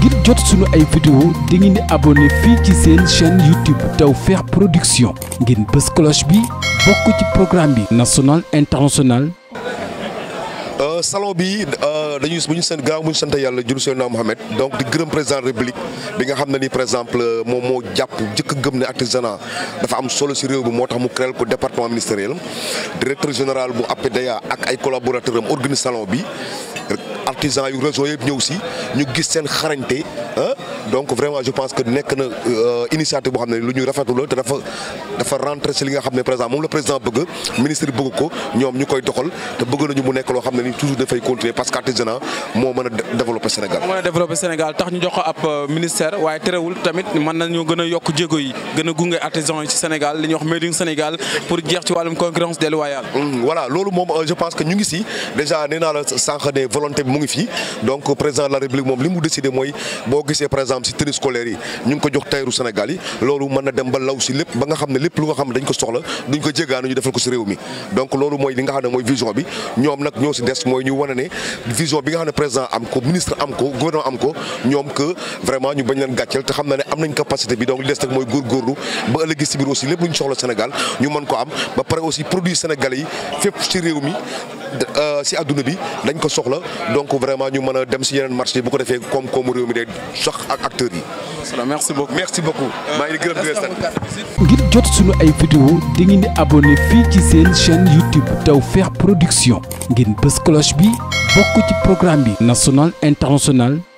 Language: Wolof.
ngir jot sunu ay vidéo di ngeen di abonné fii ci seen chaîne YouTube Tawfekh Production ngeen bës cloche bi bokk ci programme bi national international. Euh, salon bi euh, dañuy bu ñu gaaw bu ñu sant yàlla jul seen naam Mohamed donc di gërëm président république bi nga xam ne ni par exemple euh, moom moo jàpp jëkk gëm ne artisanat dafa am solo si réew bi moo tax mu créé ko département ministériel directeur général bu APDA ak ay collaborateur am organise salon bi artisan yu réseau yëpp ñëw si ñu gis seen xarañte ah donc vraiment je pense que nekk na euh, initiative boo xam ne lu ñuy rafetlu dafa dafa ci li xam ne par moom la président bëgg ministre bëgg ko ñoom ñu koy doxal te bëgg nañu mu nekk loo xam ne ni toujours dafay continuer parce que artisanat moo mën a développer Sénégal. moo mën a tax ñu jox ko ab euh, ministère waaye terewul tamit mën nañu gën a yokk jéego yi gunge artisan yi ci Sénégal li ñuy wax Sénégal pour jeex ci wàllum concurrence exemple si tenue scolaire yi ñu ngi ko jox tayru Sénégal yi loolu mën na dem ba law si lépp ba nga xam ne lépp lu nga xam ne dañ ko soxla duñ ko jéggaanu ñu defal ko si réew mi donc loolu mooy li nga xam ne mooy vision bi ñoom nag ñoo ne vision bi nga xam ne président am ko ministre am ko gouvernement am ko ñoom que vraiment ñu bañ leen gàcceel te xam na ne am nañ capacité bi donc li des nag mooy góorgóorlu ba ëllëg si biir aussi lépp lu ñu soxla Sénégal ñu mën ko am ba pare aussi produit sénégalais yi fépp si mi Euh, si adduna bi dañ ko soxla donc vraiment ñu mën a dem si yeneen marché bu defee koom-koomu réew mi de sax ak acteurs merci beaucoup merci beaucoup. maa ngir jot suñu ay vidéo di ngeen di abonné fii ci seen chaîne YouTube Tawfekh Production. ngeen bës cloche bi bokk ci programme bi. national international.